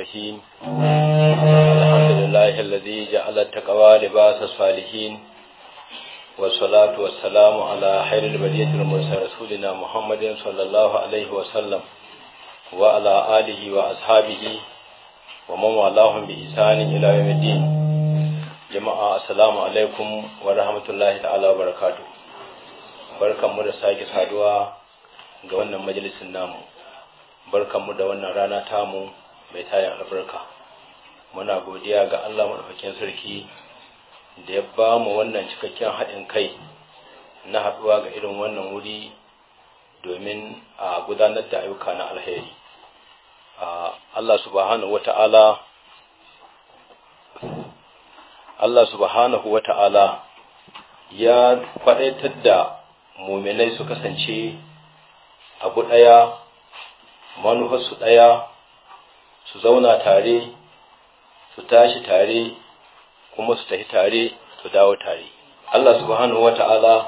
الرحيم الحمد لله الذي جعل التقوى لباس الصالحين والصلاة والسلام على خير البرية المرسل رسولنا محمد صلى الله عليه وسلم وعلى آله وأصحابه ومن والاهم بإحسان إلى يوم الدين جماعة السلام عليكم ورحمة الله تعالى وبركاته بركة مرسى كسادوا ga مجلس majalisin namu barkanmu da wannan rana tamu mai tayin albarka muna godiya ga Allah madaukakin sarki da ya ba mu wannan cikakken haɗin kai na haɗuwa ga irin wannan wuri domin a gudanar da ayyuka na alheri Allah subhanahu wata'ala Allah subhanahu wata'ala ya faɗaitar da muminai su kasance abu ɗaya manufarsu ɗaya su zauna tare su tashi tare kuma su tafi tare su dawo tare Allah subhanahu wata'ala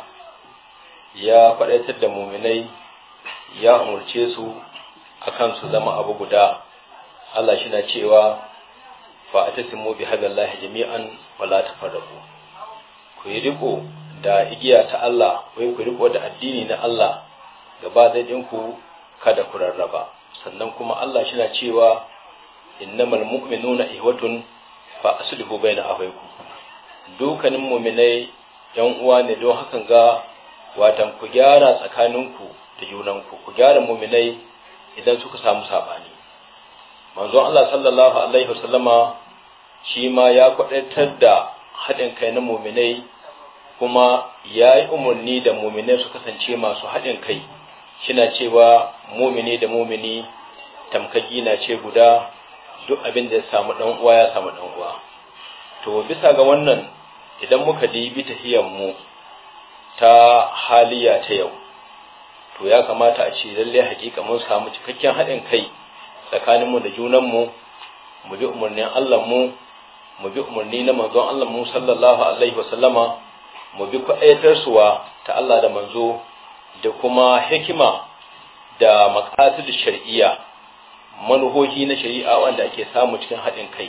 ya faɗaitar da muminai ya umarce su akan su zama abu guda Allah shi na cewa fa a tasimu bi hadallahi jami'an wala tafarraqu ku yi riko da igiya ta Allah wai ku riko da addini na Allah gaba zai ku kada ku rarraba sannan kuma Allah shi na cewa innamal mu'minuna ihwatun fa aslihu baina ahwaykum dukanin mu'minai yan uwa ne don hakan ga watan ku gyara tsakaninku da junanku ku gyara mu'minai idan suka samu sabani manzon Allah sallallahu alaihi wasallama shi ma ya kwadaitar da haɗin kai na mu'minai kuma ya yi umarni da mu'minai su kasance masu haɗin kai shina cewa mu'mini da mu'mini tamkaki na ce guda duk abin da ya samu dan uwa ya samu dan uwa to bisa ga wannan idan muka dibi tahiyar mu ta haliya ta yau to ya kamata a ce lalle hakika mun samu cikakken haɗin kai tsakanin mu da junan mu mu bi umarnin Allah mu mu bi umarni na manzon Allah mu sallallahu alaihi wasallama mu bi suwa ta Allah da manzo da kuma hikima da maqasid shar'iyya manuhohi na shari'a wanda ake samu cikin haɗin kai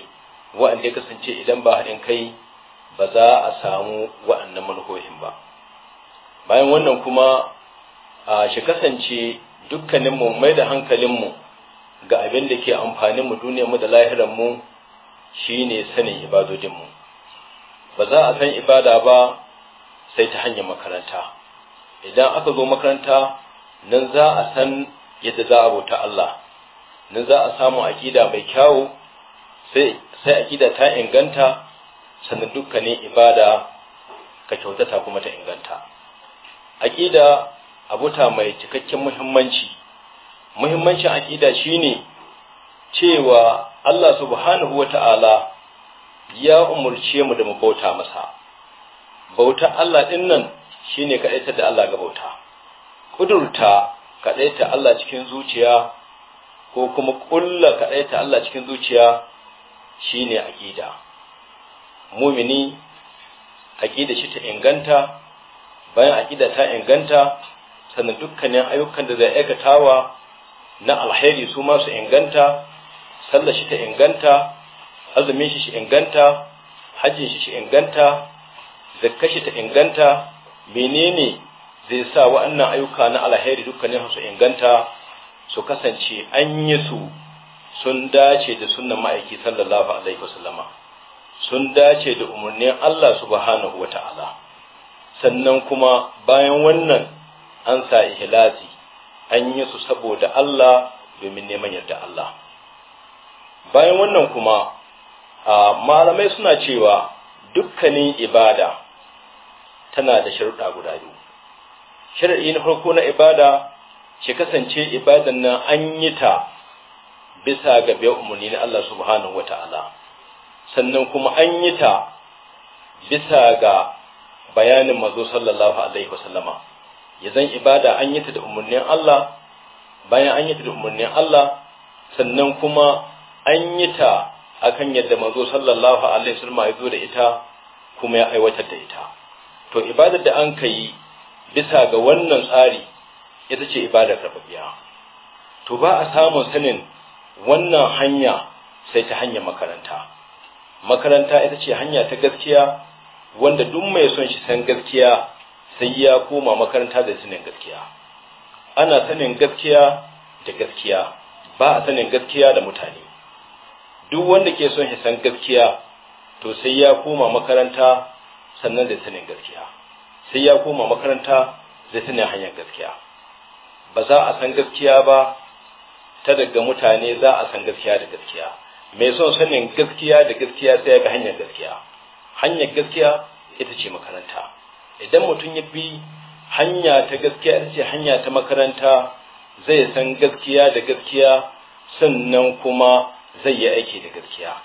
wa'anda ya kasance idan ba haɗin kai ba za a samu wa'annan manuhohin ba bayan wannan kuma a shi kasance dukkaninmu mai da hankalinmu ga abin da ke amfaninmu mu da lahiranmu shi ne sanin ibadodinmu ba za a san ibada ba sai ta hanyar makaranta idan aka zo makaranta nan za a san yadda za a bauta Allah nan za a samu aƙida mai kyawu sai akida ta inganta sannan dukkanin ibada ka kyautata kuma ta inganta aƙida abuta mai cikakken muhimmanci muhimmancin aƙida shine cewa Allah subhanahu wata'ala ya umurce mu da mu bauta masa bauta Allah din nan shine kaɗaita da Allah ga bauta kudurta kaɗaita Allah cikin zuciya ko kuma kulla kaɗai ta Allah cikin zuciya shine aƙida. mumini aƙida shi ta inganta bayan aƙida ta inganta sannan dukkanin ayyukan da zai aikatawa na alheri su ma su inganta sallar shi ta inganta azumin shi shi inganta hajjin shi shi inganta zakka shi ta inganta menene zai sa wa'annan ayyuka na alheri dukkanin su inganta su kasance an yi su sun dace da sunan ma'aiki sallallahu alaihi wasallama sun dace da umarnin Allah subhanahu wata'ala sannan kuma bayan wannan an sa ihlasi an yi su saboda Allah domin neman yarda Allah bayan wannan kuma malamai suna cewa dukkanin ibada tana da sharuɗa guda biyu shari'i na farko na ibada shi kasance ibadan nan an yi ta bisa ga biyan umarni na Allah subhanahu wa ta'ala sannan kuma an yi ta bisa ga bayanin mazo sallallahu alaihi wasallama ya zan ibada an yi ta da umarnin Allah bayan an yi ta da umarnin Allah sannan kuma an yi ta akan yadda mazo sallallahu alaihi wasallama ya zo da ita kuma ya aiwatar da ita to ibadar da an ka yi bisa ga wannan tsari ita ce ibadar rababiya, to ba a samun sanin wannan hanya sai ta hanyar makaranta makaranta ita ce hanya ta gaskiya wanda duk mai son shi san gaskiya sai ya koma makaranta da sanin gaskiya ana sanin gaskiya da gaskiya ba a sanin gaskiya da mutane duk wanda ke son shi san gaskiya to sai ya koma makaranta sannan da sanin gaskiya sai ya koma makaranta da sanin hanyar gaskiya ba za a san gaskiya ba ta daga mutane za a san gaskiya da gaskiya mai son sanin gaskiya da gaskiya sai ya hanyar gaskiya hanyar gaskiya ita ce makaranta idan mutum ya bi hanya ta gaskiya ita ce hanya ta makaranta zai san gaskiya da gaskiya sannan kuma zai yi aiki da gaskiya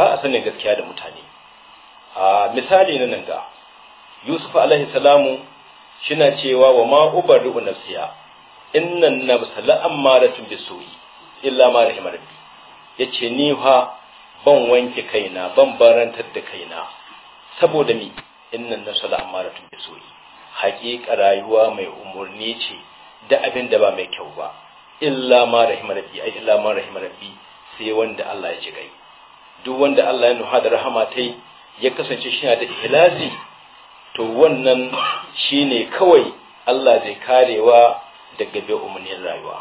ba a sanin gaskiya da mutane a misali na nan ga yusuf alaihi salamu shina cewa wa ma ubaru nafsiya innan nafsa la'ammaratun soyi illa ma rahim rabbi yace ni fa ban wanke kaina ban barantar da kaina saboda mi innan nafsa la'ammaratun soyi haƙiƙa rayuwa mai umarni ce da abin da ba mai kyau ba illa ma rahim rabbi ai illa ma rahim rabbi sai wanda Allah ya ji gai duk wanda Allah ya nuha da rahama tai ya kasance shi da ihlasi to wannan shine kawai Allah zai karewa daga bai umarnin rayuwa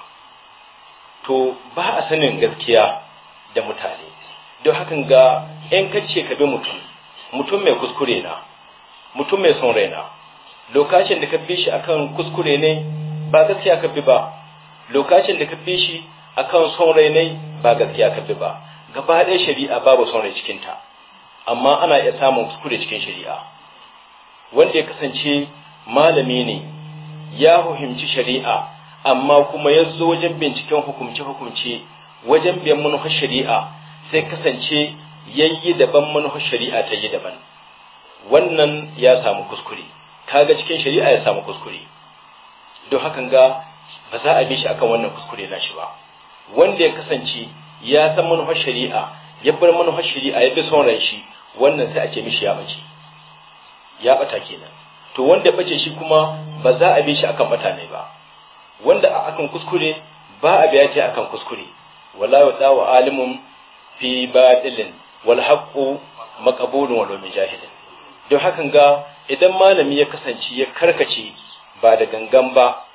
to ba a sanin gaskiya da mutane don hakan ga yan kace ka bi mutum mutum mai kuskure na mutum mai son raina lokacin da ka bi shi akan kuskure ne ba gaskiya ka bi ba lokacin da ka bi shi akan son ne, ba gaskiya ka bi ba gaba ɗaya shari'a babu son rai cikinta amma ana iya samun kuskure cikin shari'a wanda ya kasance malami ne ya fahimci shari'a amma kuma ya zo wajen binciken hukumce-hukumce wajen biyan manufar shari'a sai kasance yayi daban manufar shari'a ta yi daban wannan ya samu kuskure kaga cikin shari'a ya samu kuskure don hakan ga ba za a bi shi akan wannan kuskure na shi ba wanda ya kasance ya san manufar shari'a ya bar manufar shari'a ya bi son ran shi wannan sai a ce mishi ya bace ya bata kenan to wanda bace shi kuma ba za a bi shi akan bata ba wanda a akan kuskure ba a biya ce akan kuskure wala wa tsawa alimun fi batilin wal haqqu maqbulun wa lumin jahilin don hakan ga idan malami ya kasance ya karkace ba da gangan ba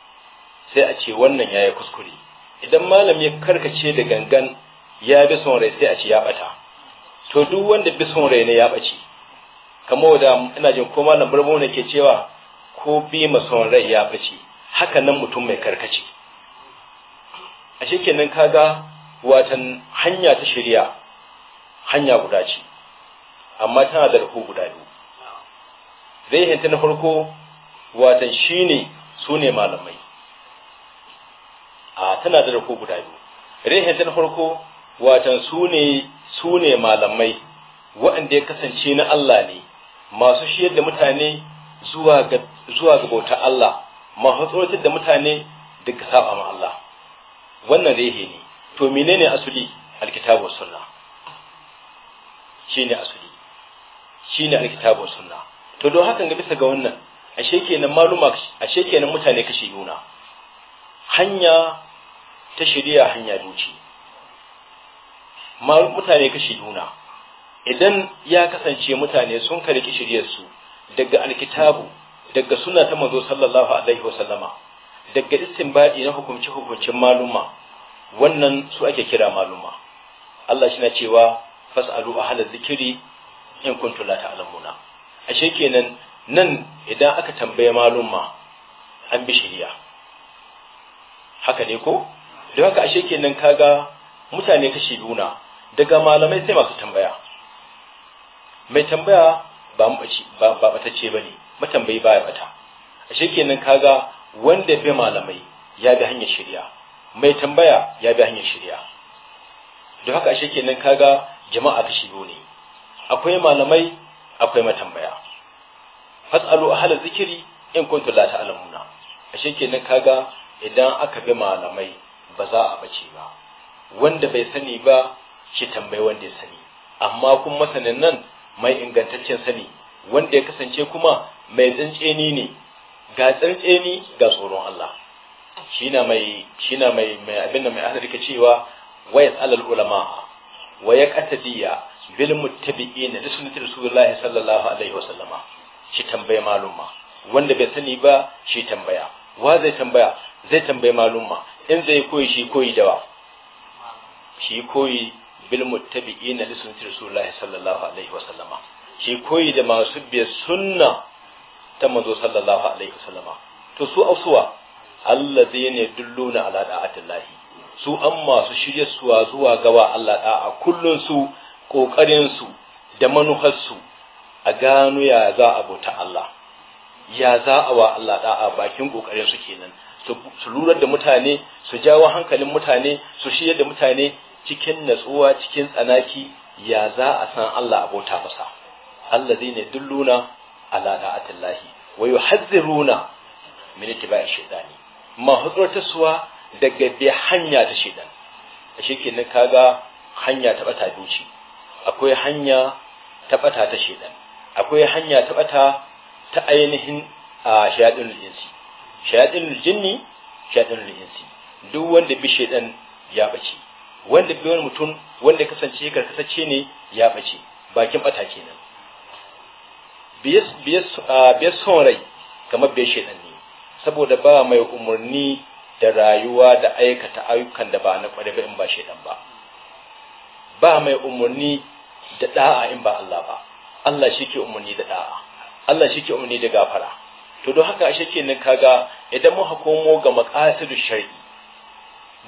sai a ce wannan yayi kuskure idan malami ya karkace da gangan ya bi son rai sai a ce ya bata to duk wanda bi son rai ne ya bace kamar da ina jin ko malam barbo ne ke cewa ko bi son rai ya fice haka nan mutum mai karkace a shekenan kaga watan hanya ta shirya hanya guda ce amma tana da ruhu guda biyu zai hinta na farko watan shine su ne malamai a tana da ruhu guda biyu rehinta na farko watan su ne su ne malamai waɗanda ya kasance na Allah ne masu shiyar da mutane zuwa ga zuwa ga bauta Allah masu da mutane duk saba ma Allah wannan rehe ne to menene asuli alkitabu sunna shine asuli shine alkitabu sunna to don hakan ga bisa ga wannan ashe kenan maluma ashe kenan mutane kashe yuna hanya ta shari'a hanya duci mutane kashe yuna idan ya kasance mutane sun karki shiryarsu daga alkitabu daga suna ta manzo sallallahu alaihi wasallama daga istinbadi na hukunci hukuncin maluma wannan su ake kira maluma Allah shi na cewa fas'alu ahla zikiri in kuntum la ta'lamuna ashe kenan nan idan aka tambaye maluma an bi shari'a haka ne ko don haka ashe kenan kaga mutane kashi duna daga malamai sai masu tambaya mai tambaya ba ba ce bane matambayi baya bata a shekenan kaga wanda bai malamai ya bi hanyar shirya mai tambaya ya bi hanyar shirya don haka a shekenan kaga jama'a ta shigo ne akwai malamai akwai matambaya fasalu ahla zikiri in kuntu la ta'lamuna a shekenan kaga idan aka bi malamai ba za a bace ba wanda bai sani ba shi tambayi wanda ya sani amma kuma masanin nan mai ingantaccen sani wanda ya kasance kuma mai tsintseni ne ga tsintseni ga tsoron Allah shine mai shine mai mai abinda mai ahli rika cewa wayas alal ulama wa yaqtadiya bil muttabi'in da sunnati rasulullahi sallallahu alaihi wasallama shi tambaye malumma wanda bai sani ba shi tambaya wa zai tambaya zai tambaye malumma in zai koyi shi koyi dawa shi koyi bil muttabi'in da sunnati rasulullahi sallallahu alaihi wasallama shi koyi da masu bi sunna ta manzo sallallahu alaihi wasallama to su ausuwa ne dulluna ala da'atillahi su an masu shirye suwa zuwa gawa Allah da'a kullun su kokarin su da manuhar su a gano ya za a bauta Allah ya za a wa Allah da'a bakin kokarin su kenan su lura da mutane su jawo hankalin mutane su shirya da mutane cikin natsuwa cikin tsanaki ya za a san Allah abota masa Allah zai ne dulluna ala da'atillahi wa yuhadhiruna min ittiba'i shaytani ma suwa daga bi hanya ta shaytan shikenan kaga hanya ta bata duci akwai hanya ta bata ta shaytan akwai hanya ta bata ta ainihin a shayadin jinsi shayadin jinni shayadin jinsi duk wanda bi shaytan ya bace wanda bi wani mutum wanda kasance karkasace ne ya bace bakin bata kenan biyar son rai kamar biyar shaidan ne saboda ba mai umarni da rayuwa da aikata ayyukan da ba na kwari ba in ba shaidan ba ba mai umarni da da'a in ba Allah ba Allah shi ke umarni da da'a Allah shi ke umarni da gafara to don haka ashe nan kaga idan mu hakomo ga maqasidu shar'i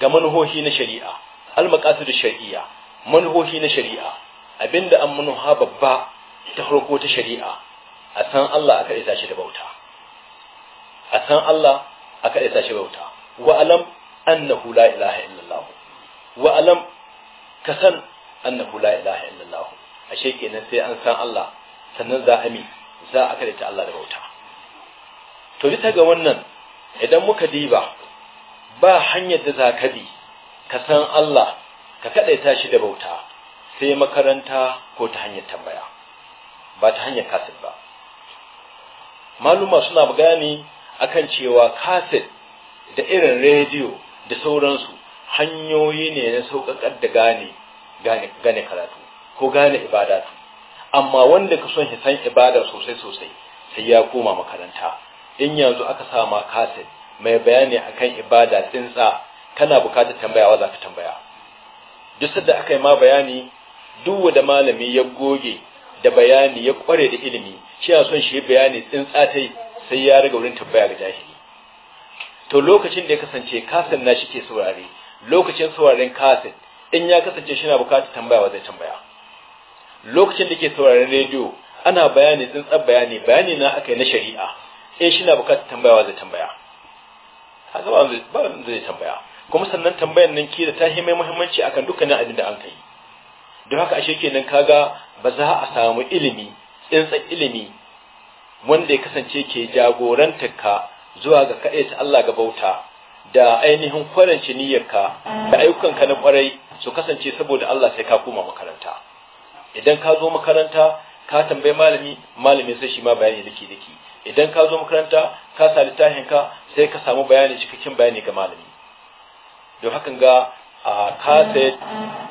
ga manhohi na shari'a al maqasidu shar'iyya manhohi na shari'a abinda an manuha babba ta farko ta shari'a a san Allah aka isa shi da bauta a san Allah aka isa shi bauta wa alam annahu la ilaha illallah wa alam ka san annahu la ilaha illallah ashe kenan sai an san Allah sannan za a mi za a karanta Allah da bauta to bisa ga wannan idan muka diba ba hanyar da za ka bi ka san Allah ka kadaita shi da bauta sai makaranta ko ta hanyar tambaya ba ta hanyar kasir ba maluma suna magani akan cewa kaset da irin rediyo da sauransu hanyoyi ne na sauƙaƙar da gane gane karatu ko gane ibadatu amma wanda ka son san ibada sosai sosai sai ya koma makaranta in yanzu aka sa ma kaset mai bayani akan ibada tsintsa kana bukatar tambayawa za ka tambaya duk sadda aka yi ma bayani duk da malami ya goge da bayani ya kware da ilimi shi a son shi bayani tsintsa ta sai ya riga wurin tabbaya ga jahili to lokacin da ya kasance kasin na shi ke saurare lokacin sauraren kasin in ya kasance shi na bukatar tambaya wa zai tambaya lokacin da ke sauraren rediyo ana bayani tsintsa bayani bayani na aka yi na shari'a in shi na bukatar tambaya wa zai tambaya haka ba wanda zai tambaya kuma sannan tambayan nan da ta hi mai muhimmanci akan dukkanin abin da an kai don haka ashe kenan kaga ba za a samu ilimi tsintsan ilimi wanda ya kasance ke jagorantar ka zuwa ga kaɗai ta Allah ga bauta da ainihin kwarance niyyarka da ayyukanka na kwarai su kasance saboda Allah sai ka koma makaranta idan ka zo makaranta ka tambayi malami malamin sai shi ma bayani dake dake idan ka zo makaranta ka sa littafin ka sai ka samu bayani cikakken bayani ga malami don hakan ga a kaset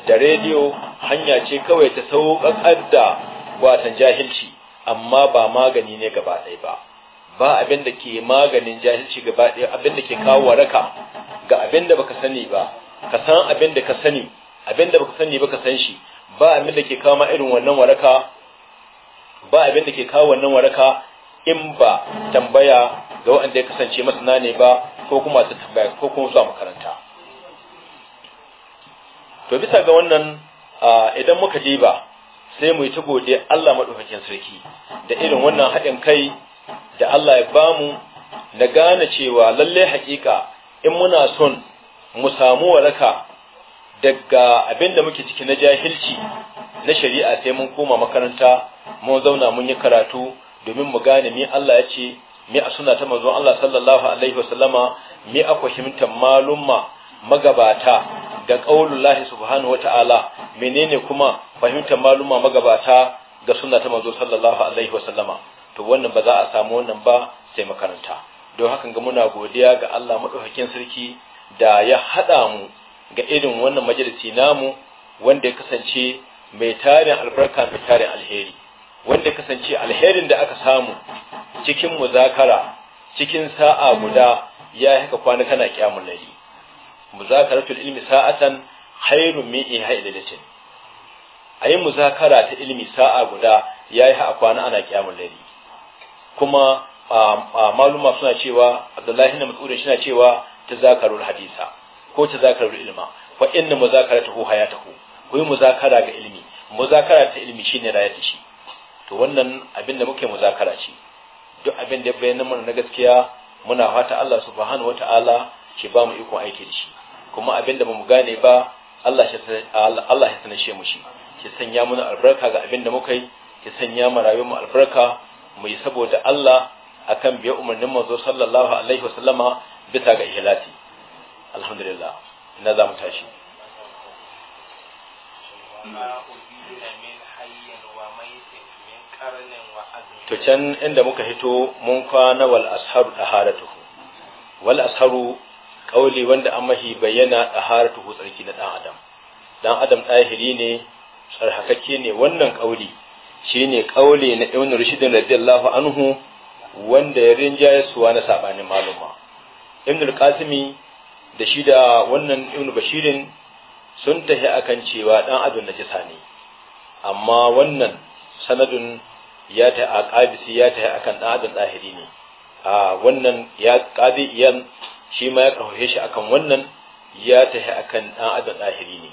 da rediyo hanya ce kawai ta sauƙaƙar da watan jahilci amma ba magani ne gaba ɗaya ba ba abin da ke maganin jahilci gaba ɗaya abin da ke kawo waraka ga abin da baka sani ba ka san abin da ka sani abin da baka sani ba ka san shi ba abin da ke kawo ma irin wannan waraka ba abin da ke kawo wannan waraka in ba tambaya ga waɗanda ya kasance masana ne ba ko kuma su tambaya ko kuma zuwa makaranta to bisa ga wannan idan muka ba. sai mu yi ta gode, Allah maɗaukakin sarki da irin wannan haɗin kai da Allah ya bamu na gane cewa lallai haƙiƙa in muna son mu samu waraka daga abin da muke ciki na jahilci na shari'a sai mun koma makaranta mun zauna mun yi karatu domin mu gane me Allah ya ce me a suna ta manzon Allah sallallahu alaihi wasallama me a fahimtar malumma magabata da qaulullahi subhanahu wataala menene kuma fahimtar maluma magabata ga sunna ta manzo sallallahu alaihi wa sallama to wannan ba za a samu wannan ba sai makaranta don hakan ga muna godiya ga Allah madaukakin sarki da ya hada mu ga irin wannan majalisi namu wanda ya kasance mai tarin albarka mai tarin alheri wanda ya kasance alherin da aka samu cikin muzakara cikin sa'a guda ya haka kwana kana kyamun lali muzakaratul ilmi sa'atan khairu min ihya ilatin a yi muzakara ta ilimi sa'a guda ya yi ha'a kwana ana kyamun lari kuma a maluma suna cewa abdullahi na mas'ud suna cewa ta zakarar hadisa ko ta zakarar ilma fa inna muzakaratahu hayatahu ku yi muzakara ga ilimi muzakara ta ilimi shi ne rayar da shi to wannan abin da muke muzakara ce duk abin da bayyana mana na gaskiya muna fata Allah subhanahu wataala shi ba mu ikon aiki da shi kuma abin da ba mu gane ba Allah ya sanashe mu shi ki sanya mana albarka ga abin da muka yi ki sanya mu rayuwar mu albarka mu yi saboda Allah akan biya umarnin manzo sallallahu alaihi wasallama bisa ga ihlasi alhamdulillah ina za mu tashi to can inda muka hito mun kwana wal asharu taharatuhu wal asharu kauli wanda an mahi bayyana taharatuhu tsarki na dan adam dan adam ɗahiri ne tsarhakakke ne wannan kauli shine kauli na ibn rushd radiyallahu anhu wanda ya ya suwa na sabanin maluma ibn al-qasimi da shi da wannan ibn bashirin sun tahi akan cewa dan adam jisa ne amma wannan sanadun ya ta a ya ta akan dan adam ɗahiri ne a wannan ya qadi iyan shi ma ya karfafe shi akan wannan ya tahi akan dan adam ɗahiri ne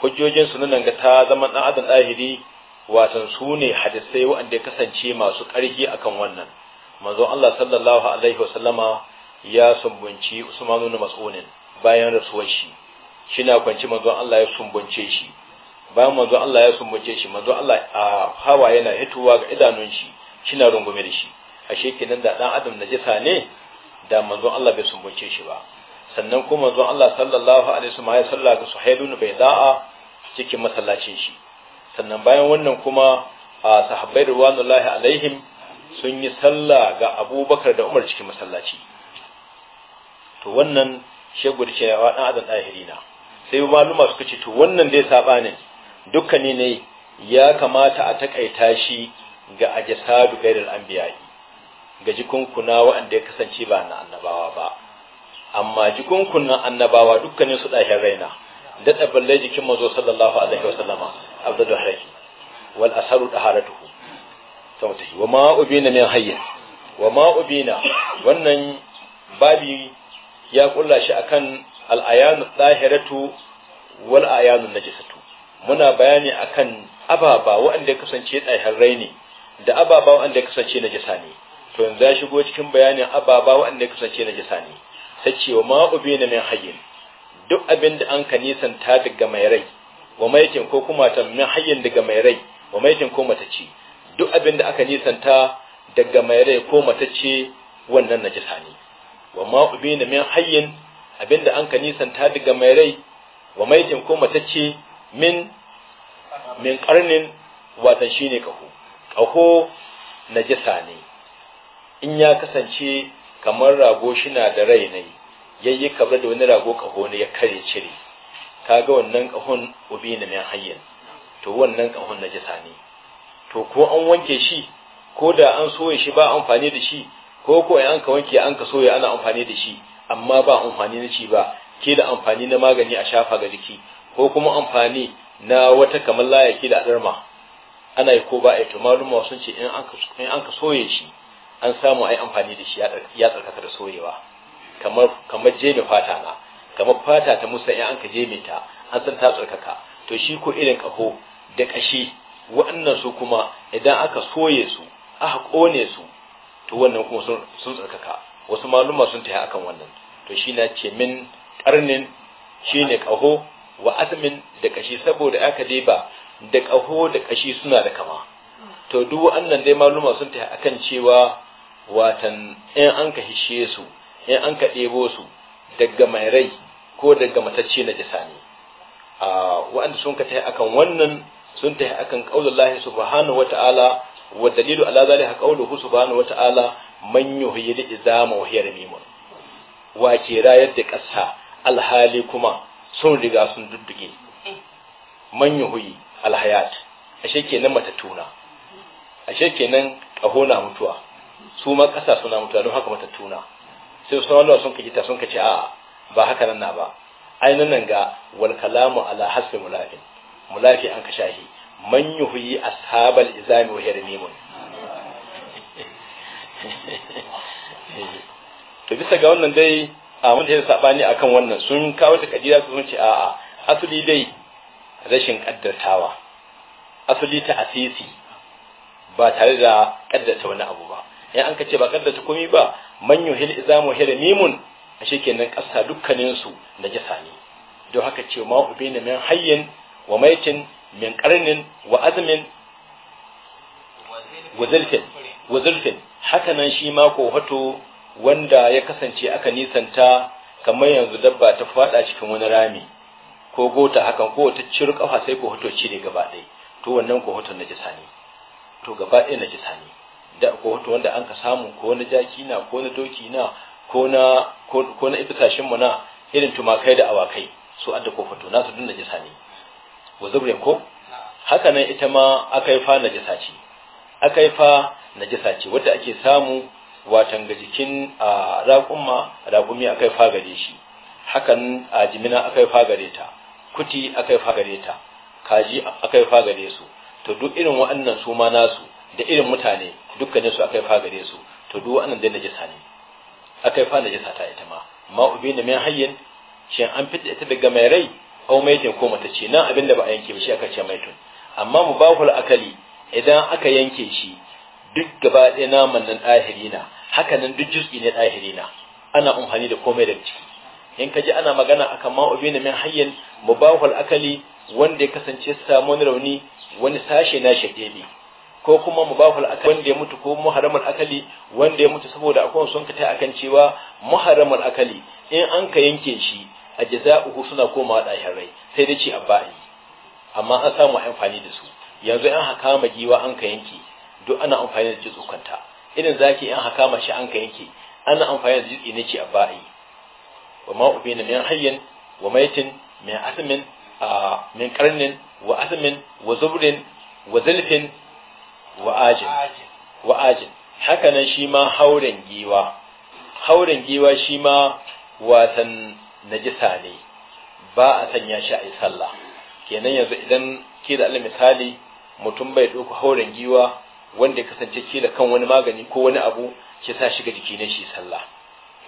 hujjojin su nan ga ta zaman dan adam dahiri watan sune ne hadisai waɗanda ya kasance masu ƙarfi akan wannan manzo Allah sallallahu alaihi wasallama ya sumbunci Usman ibn Mas'ud bayan rasuwar shi shina kwanci manzo Allah ya sumbunce shi bayan manzo Allah ya sumbunce shi manzo Allah a hawa yana hitowa ga idanun shi shina rungume da shi ashe kenan da dan adam najisa ne da manzon Allah bai sumbace shi ba sannan kuma manzon Allah sallallahu alaihi wasallam ya salla ga Suhailun bai da'a cikin masallacin shi sannan bayan wannan kuma sahabbai radiyallahu alaihim sun yi salla ga Abubakar da Umar cikin masallaci to wannan shegu da cewa dan adam dahirina sai maluma suka ce to wannan dai sabanin dukkani ne ya kamata a takaita shi ga ajasadu gairul anbiya'i ga jikunkuna waɗanda ya kasance ba na annabawa ba amma jikunkunan annabawa dukkanin su ɗahin raina daɗa balle jikin mazo sallallahu alaihi wasallama abdul rai wal asaru haratu sautahi wa ma ubina min hayyin wa ma ubina wannan babi ya kulla shi akan al ayanu dahiratu wal ayanu najisatu muna bayani akan ababa waɗanda ya kasance ɗahin raini da ababa waɗanda ya kasance najisa ne to yanzu ya shigo cikin bayanin ababa waɗanda kasance na jisa ne ta ce wa ma'ubi na min hayyin duk abin da an ka ta daga mai rai wa maitin ko kuma ta min hayyin daga mai rai wa maitin ko mata ce, duk abin da aka ta daga mai rai ko mata ce, wannan na jisa ne wa ma'ubi na min hayyin abin da an ka ta daga mai rai wa maitin ko ce min min karnin watan shine kaho kaho na jisa ne in ya kasance kamar rago shi na da rai ne yayi kabla da wani rago kaho ne ya kare cire kaga wannan kahon ne mai hayyan to wannan kahon na jisa ne to ko an wanke shi ko da an soye shi ba amfani da shi ko ko an ka wanke an ka soye ana amfani da shi amma ba amfani na ci ba ke da amfani na magani a shafa ga jiki ko kuma amfani na wata kamar layaki da adarma ana yi ko ba a to malumma sun ce in an ka soye shi an samu a yi amfani da shi ya tsarkaka da soyewa kamar jemi fata na kamar fata ta musa ya an ka jemi ta an san ta tsarkaka to shi ko irin kaho da kashi waɗannan su kuma idan aka soye su aka kone su to wannan kuma sun tsarkaka wasu maluma sun taya akan wannan to shi na ce min karnin shi ne kaho wa azmin da kashi saboda aka deba da kaho da kashi suna da kama to duk wannan dai maluma sun taya akan cewa watan in an ka hishe su in an ka ɗebo su daga mai rai ko daga matacce na jisa ne a waɗanda sun ka tafi akan wannan sun tafi akan qaulullahi subhanahu wata'ala wa dalilu ala zalika qauluhu subhanahu wata'ala man yuhyi al-izama wa hiya ramimun wa ke rayar da ƙasa alhali kuma sun riga sun dudduge man yuhyi al-hayat ashe kenan matatuna ashe kenan ƙahona mutuwa su ma ƙasa suna mutuwa don haka matattuna sai su wanda sun kajita sun kace a ba haka nan na ba ainihin nan ga wal kalamu ala hasbi mulafin mulafi an kashahi man yuhyi ashabal izami wa hirmimun to bisa ga wannan dai a mun da sabani akan wannan sun kawo ta kadira sun ce a a asali dai rashin kaddartawa asali ta asisi ba tare da ƙaddata wani abu ba ya an ka ce ba kaddata komai ba man yuhil izamu hira mimun ashe kenan kasa dukkanin su da jisa ne don haka ce ma ubina min hayyin wa maitin min qarnin wa azmin wa zulfin wa zulfin haka nan shi ma ko hoto wanda ya kasance aka nisanta kamar yanzu dabba ta fada cikin wani rami ko gota hakan ko ta ciro kafa sai ko hoto cire gaba ɗaya to wannan ko hoton jisa ne to gaba ɗaya jisa ne da ko wato wanda an ka samu ko na jaki na ko na doki na ko na ko na ibtashin mu na irin tumakai da awakai su adda ko fato nasu dun najisa ne wa zubre ko haka nan ita ma akai fa najisa ce akai fa najisa ce wanda ake samu watan ga jikin a raƙumma raƙumi akai fa gare shi hakan a jimina akai fa gare ta kuti akai fa gare ta kaji akai fa gare su to duk irin waɗannan su ma nasu da irin mutane dukkanin su akai fa gare su to duk wannan da najasa ne akai fa najasa ta ita ma ma ubina min hayyin shin an fita ita daga mai rai au maitin ko mata ce nan abin da ba a yanke shi aka ce maitun amma mu mubahul akali idan aka yanke shi duk gaba ɗaya naman nan ɗahiri na haka nan duk juz'i ne ɗahiri na ana umhani da komai daga ciki in ka ji ana magana akan ma ma'ubina min hayyin mubahul akali wanda ya kasance samu rauni wani sashe na shaɗe ne ko kuma mu mubahul akali wanda ya mutu ko muharramul akali wanda ya mutu saboda akwai sun kai akan cewa muharramul akali in an ka yanke shi a jaza'uhu suna komawa ɗahin rai sai dai ce abba'i amma an samu amfani da su yanzu in haka ma giwa an ka yanke duk ana amfani da jitsukanta irin zaki in haka ma shi an ka yanke ana amfani da jitsi ne ce ba'i wa ma ubina min hayyin wa maitin min asmin min karnin wa asmin wa zubrin wa zilfin. wa'ajin wa'ajin haka nan shi ma hauren giwa hauren giwa shi ma watan najisa ne ba a sanya shi a yi sallah kenan yanzu idan ke da misali mutum bai ɗauka hauren giwa wanda ya kasance ke da kan wani magani ko wani abu ke sa shiga jiki na shi sallah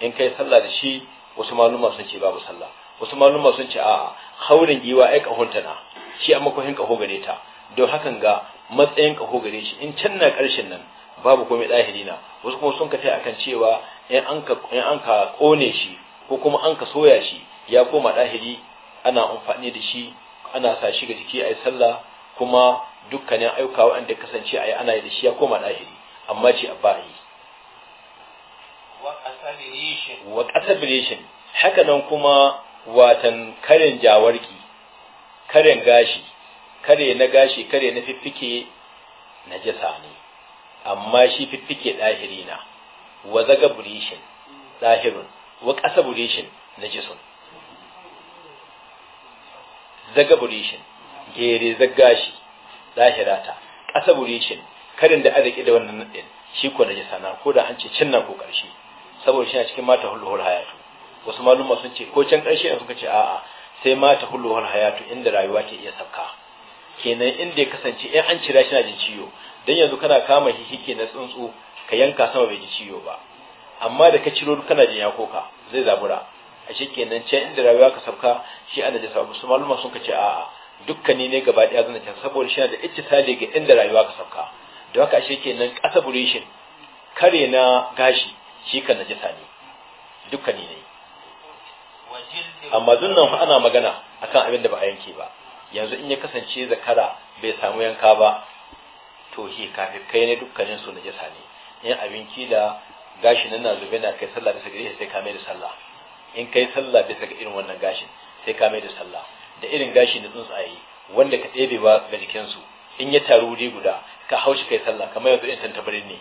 in kai sallah da shi wasu maluma sun ce babu sallah wasu maluma sun ce a'a hauren giwa ai kahonta na shi amma kohin kaho gare ta don hakan ga matsayin kaho gare shi in can na karshen nan babu komai ɗahiri na wasu kuma sun kafa akan cewa in an ka kone shi ko kuma an ka soya shi ya koma ɗahiri ana amfani da shi ana sa shi ga jiki a yi sallah kuma dukkanin ayyuka waɗanda kasance a yi ana yi da shi ya koma ɗahiri amma ce a ba'i wa ƙasabirishin haka nan kuma watan karin jawarki karin gashi kare na gashi kare na fiffike na jisa ne amma shi fiffike ɗahiri na wa zaga burishin ɗahirun wa ƙasa burishin na najisun zaga burishin gere zagashi ɗahirata ƙasa burishin karin da arziki da wannan nadin shi ko na jisa na ko da hanci cin nan ko ƙarshe saboda shi a cikin mata hulu hayatu wasu maluma sun ce ko can ƙarshe suka ce a'a sai mata hulu hayatu inda rayuwa ke iya sauka kenan inda ya kasance in an cira shi na jin ciwo dan yanzu kana kama hihi kenan tsuntsu ka yanka sama bai ji ciwo ba amma da ka ciro kana jin ya koka zai zabura a shi kenan can inda rayuwa ka sauka shi ana da sabu su maluma sun kace a'a dukkani ne gaba daya zan ta saboda shi na da ittisali ga inda rayuwa ka sauka. da haka shi kenan kasaburation kare na gashi shi kan najasa ne dukkani ne amma dunnan ana magana akan abin da ba a yanke ba yanzu in ya kasance zakara bai samu yanka ba to shi kafin kai ne dukkanin su najasa ne in abinci da gashi nan na zube na kai sallah bisa gare sai ka mai da sallah in kai sallah bisa ga irin wannan gashin sai ka mai da sallah da irin gashi da tsuntsaye wanda ka ɗebe ba ga su in ya taru wuri guda ka haushi kai sallah kamar yanzu in tantabarin ne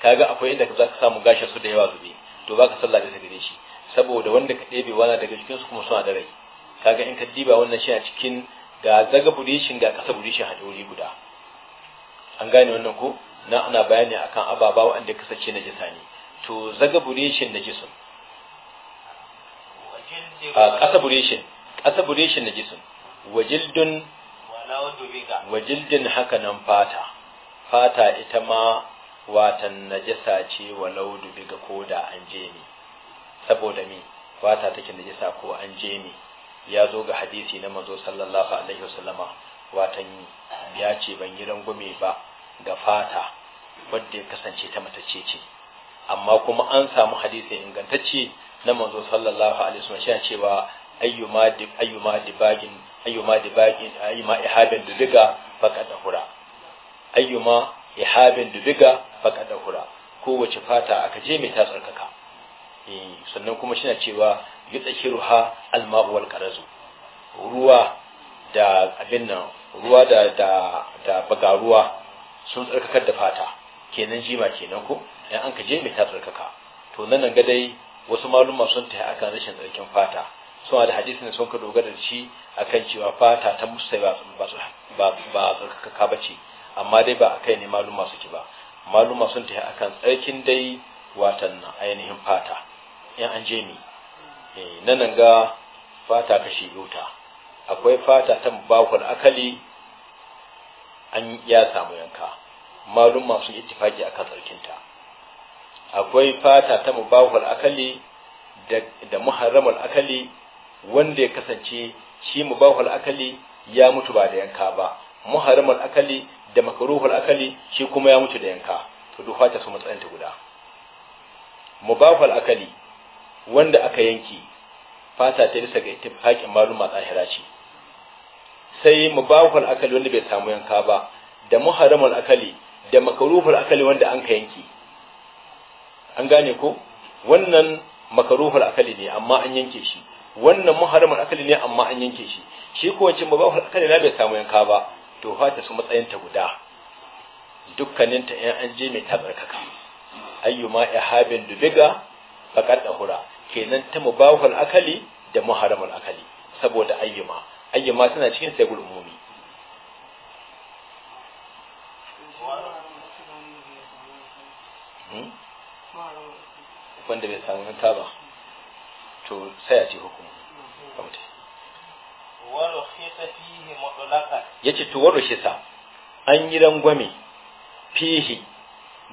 kaga akwai inda za ka samu gashin su da yawa zube to baka sallah bisa gare shi saboda wanda ka ɗebe wani daga su kuma suna da rai kaga in ka diba wannan shi a cikin ga zaga budishin ga kasa budishin a wuri guda an gane wannan ko na ana bayani akan ababa wanda kasance na jisa ne to zaga budishin na jisun a kasa budishin kasa budishin na jisun wajildun wajildun haka nan fata fata ita ma watan najasa ce walau dubiga ko da an je ni saboda me fata take najasa ko an je ni ya zo ga hadisi na manzo sallallahu alaihi wasallama watan ya ce ban yi rangume ba ga fata wadda ya kasance ta matacce ce amma kuma an samu hadisi ingantacce na manzo sallallahu alaihi wasallam shi cewa ayyuma dib ayyuma dibagin ayyuma dibagin ayyuma ihabin dudiga faqad hura ayyuma ihabin dudiga faqad hura kowace fata aka je mai ta tsarkaka eh, sannan kuma shi cewa yudashiruha alma'u wal qarazu ruwa da abin nan ruwa da da da baga ruwa sun tsarkakar da fata kenan jima kenan ko dan an ka je mai ta tsarkaka to nan ga dai wasu maluma sun ta akan rashin tsarkin fata suna da hadisi ne sun ka dogara da shi akan cewa fata ta musu ba ba ba tsarkaka ce amma dai ba akai ne maluma suke ba maluma sun ta akan tsarkin dai watan ainihin fata in an je mi Eh, na nan ga fata kashi yuta akwai fata ta mubahul akali an ya samu yanka malum masu ittifaki akan tsarkinta akwai fata ta mubahul akali da muharramul akali wanda ya kasance shi mubahul akali ya mutu ba da yanka ba muharramul akali da makaruhul akali shi kuma ya mutu da yanka to duk fata su ta guda mubahul akali wanda aka yanki fata ta bisa ga ittifaqin maluma zahira ce sai mubahul akali wanda bai samu yanka ba da muharramul akali da makruhul akali wanda an ka yanki an gane ko wannan makruhul akali ne amma an yanke shi wannan muharramul akali ne amma an yanke shi shi ko wancan mubahul akali na bai samu yanka ba to fata su matsayin ta guda dukkanin ta yan an je mai ta ayyuma ihabin dubiga faqad dahura kenan ta mubahul akali da muharamul akali saboda ayyuma ayyuma suna cikin saigul umumi hmm? wanda bai samu ta ba to sai a ce hukumu ya ce to waro shisa an yi rangwame fihi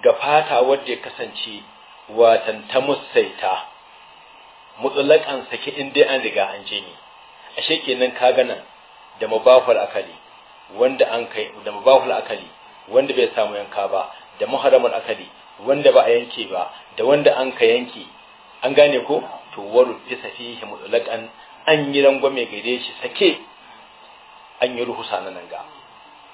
ga fata wadda ya kasance watan ta musaita mutsalakan saki in dai an riga an je ne ashe kenan ka gana da mubahul akali wanda an kai da akali wanda bai samu yanka ba da muharramul akali wanda ba a yanke ba da wanda an ka yanke an gane ko to waru fi safihi an yi rangwame gare shi sake an yi ruhusa na nan ga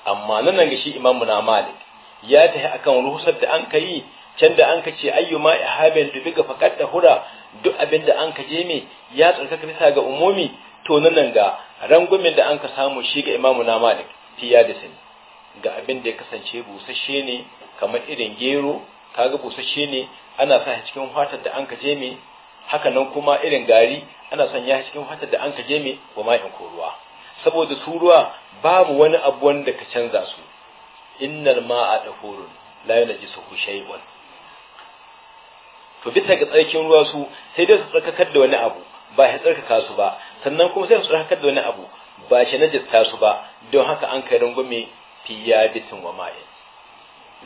amma nan ga shi imamu na malik ya tafi akan ruhusar da an ka yi can da an ka ce ayyuma ga dubiga da hura duk abin da an ka je me ya tsarkaka bisa ga umumi to nan ga rangwamin da an ka samu shi ga imamu na malik tiya da sani ga abin da ya kasance busasshe ne kamar irin gero kaga busasshe ne ana sa shi cikin fatar da an ka je me haka nan kuma irin gari ana son ya cikin fatar da an ka je me wa ma'in ko ruwa saboda su ruwa babu wani abu wanda ka canza su innal ma'a dahurun la yunjisu shay'un to bisa ga tsarkin ruwa su sai dai su tsarkakar da wani abu ba shi tsarkaka su ba sannan kuma sai su tsarkakar da wani abu ba shi na najasta su ba don haka an kai rungume fiya bitin wa ma'in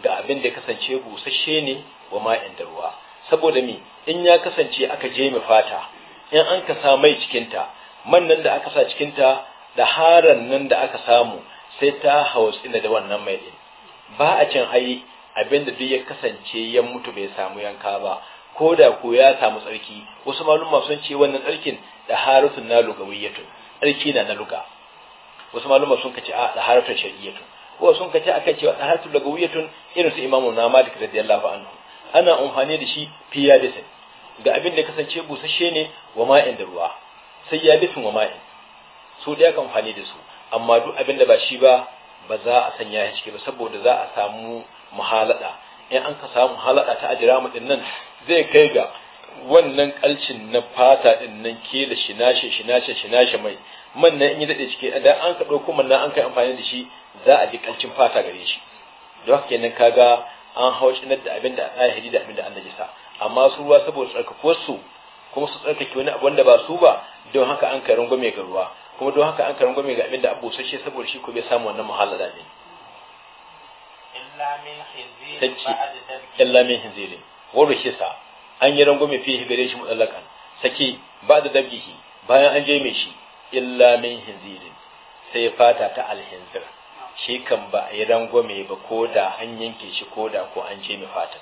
ga abin da kasance busasshe ne wa ma'in da ruwa saboda mi in ya kasance aka je mu fata in an ka sa mai cikinta man nan da aka sa cikinta da haran nan da aka samu sai ta tsina da wannan mai din ba a cin hayi abin da duk ya kasance ya mutu bai samu yanka ba ko da ko ya samu tsarki wasu malumma sun ce wannan tsarkin da haratun na lugawiyyatu tsarki na na luga wasu malumma sun kace a da haratun shar'iyyatu ko sun kace akan cewa da haratun lugawiyyatun irin su imamu na malik radiyallahu anhu ana amfani da shi fi yabisin ga abin da kasance busasshe ne wa ma'in da ruwa sai ya yabisin wa ma'in su da yakan amfani da su amma duk abin da ba shi ba ba za a sanya shi ba saboda za a samu muhalada in an ka samu muhalada ta ajira mu din nan zai kai ga wannan kalcin na fata din nan ke da shinashe shinashe shinashe mai man nan in yi dade cike idan an ka dauko man nan an kai amfani da shi za a ji kalcin fata gare shi don haka kenan kaga an haucinar da abin da a da abin da an sa amma su ruwa saboda tsarkakuwar su kuma su tsarkake wani abu wanda ba su ba don haka an kai rungume ga ruwa kuma don haka an kai rungume ga abin da abu sashe saboda shi ko bai samu wannan muhalla da ne illa min hinzirin wa an yi rangwame fiye gare shi mutsallakan saki ba da dabihi bayan an je mai shi illa min hinzirin sai fata ta alhinzir shi kan ba a yi rangwame ba ko da an yanke shi ko da ko an je mai fata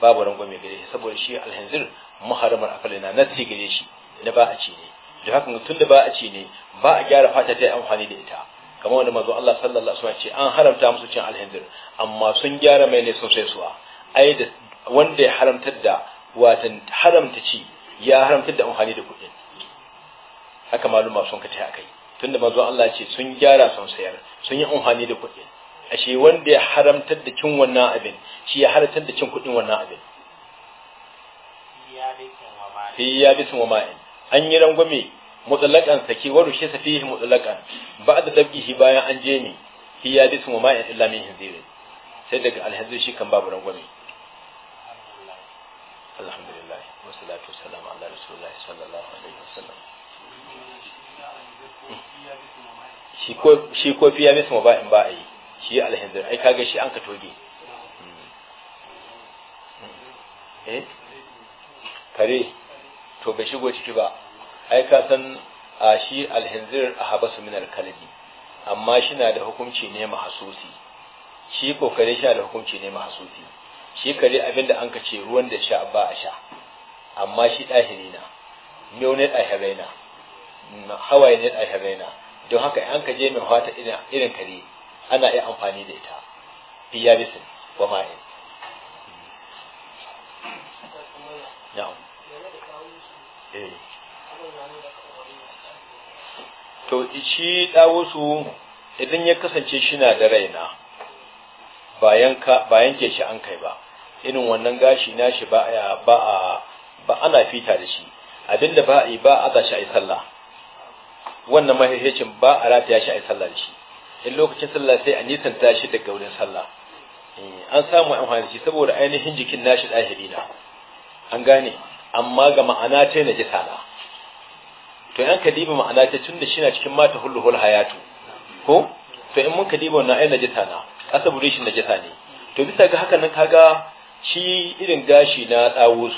babu rangwame gare shi saboda shi alhinzir muharamar akalina na ci gare shi da ba a ci ne da haka tun da ba a ci ne ba a gyara fata ta yi amfani da ita kamar wanda mazo Allah sallallahu alaihi wasallam ce an haramta musu cin alhinzir amma sun gyara mai ne sosai suwa ai da wanda ya haramtar da watan haramta ci ya haramtar da amfani da kuɗin haka maluma sun ka ta akai tunda manzo Allah ce sun gyara sun sayar sun yi amfani da kuɗin ashe wanda ya haramtar da cin wannan abin shi ya haramtar da cin kuɗin wannan abin fi ya bi wa ma'in an yi rangwame mutsalakan saki wa rushe safihi mutsalakan ba da shi bayan an je ne fi ya bi wa ma'in illa min hinzirin sai daga alhazu shi kan babu rangwame alhamdulillah wa salatu wassalamu ala rasulillah sallallahu alaihi wasallam shi ko fiya bisa ma ba ba a yi shi alhinzir ai kaga shi an ka toge hmm. eh? kare to bai shigo ciki ba ai ka san a shi alhinzir a habasu minar kalbi amma shi na da hukunci ne mahasusi shi kare abin da an ce ruwan da sha ba a sha amma shi ɗahiri na ne ne ɗahirai na hawaye ne ɗahirai na don haka an ka je mai fata irin kare ana iya amfani da ita fi ya bisin wa ma'in eh. to shi su idan ya kasance shi na da raina bayan ke shi an kai ba irin wannan gashi nashi ba a ba a ba ana fita da shi abinda ba a yi ba aka shi a yi sallah wannan mahaifiyacin ba a rataya shi a yi sallah da shi in lokacin sallah sai a nisanta shi daga wurin sallah eh, an samu amfani shi saboda ainihin jikin nashi ɗahiri na an gane amma ga ma'ana ta na jisa na to yan diba ma'ana ta tun da shi na cikin mata hulluhul hayatu ko to in mun diba wannan ainihin na jisa na asabu rishin na jisa ne to bisa ga haka nan kaga shi irin gashi na su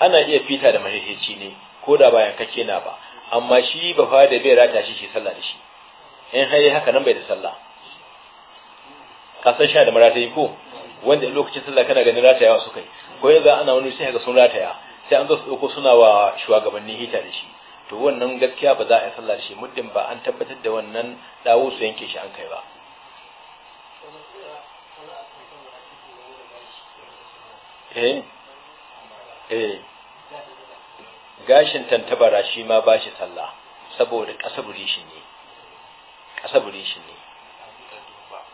ana iya fita da mahaifici ne ko da bayan kake na ba amma shi ba fa da bai rata shi shi sallah da shi in hayi haka nan bai da sallah ka san sha da maratayi ko wanda lokacin sallah kana ganin yawa suka yi ko yanzu ana wani sai ga sun rataya sai an zo su dauko suna wa shugabanni hita da shi to wannan gaskiya ba za a yi sallah da shi muddin ba an tabbatar da wannan dawo su yanke shi an kai ba eh eh gashin tantabara shi ma bashi shi sallah saboda ƙasa burishi ne ƙasa burishi ne